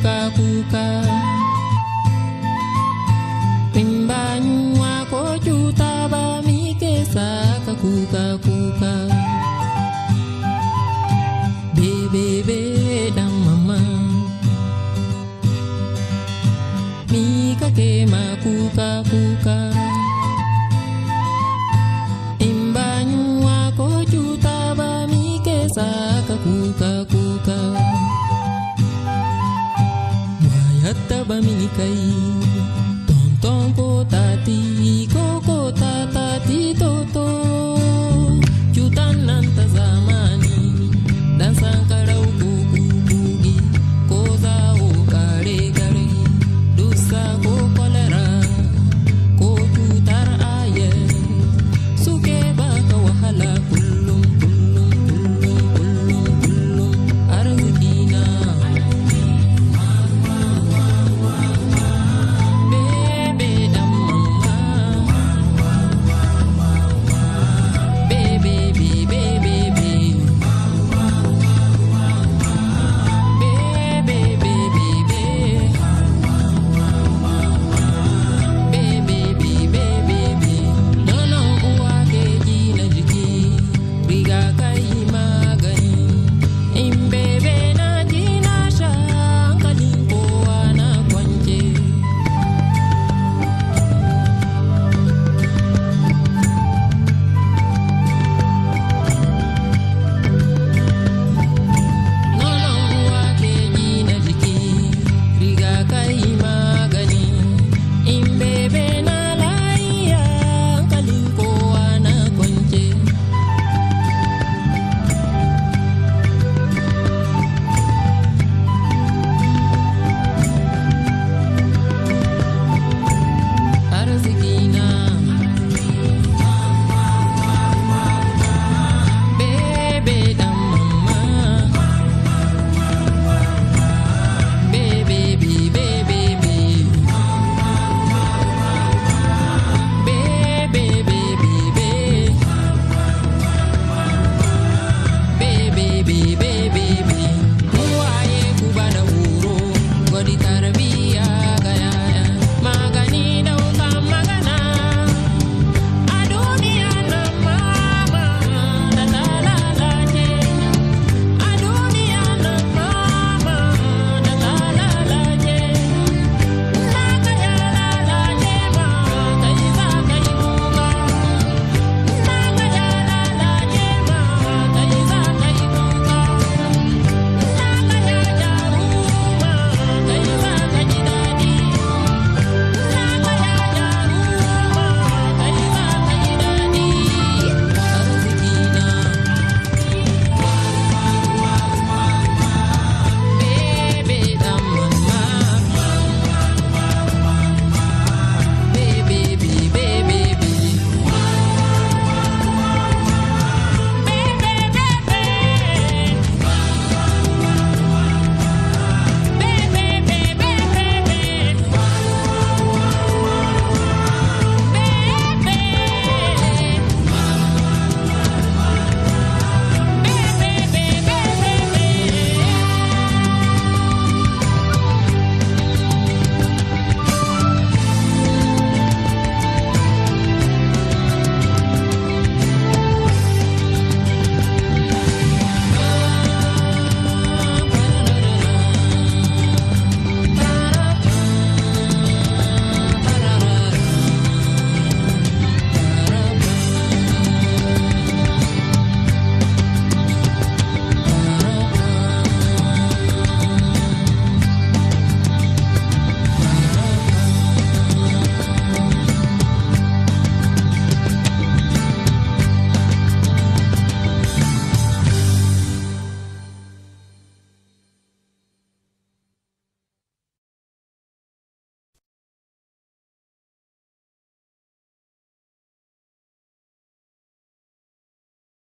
不该，不该。caí, tontão potati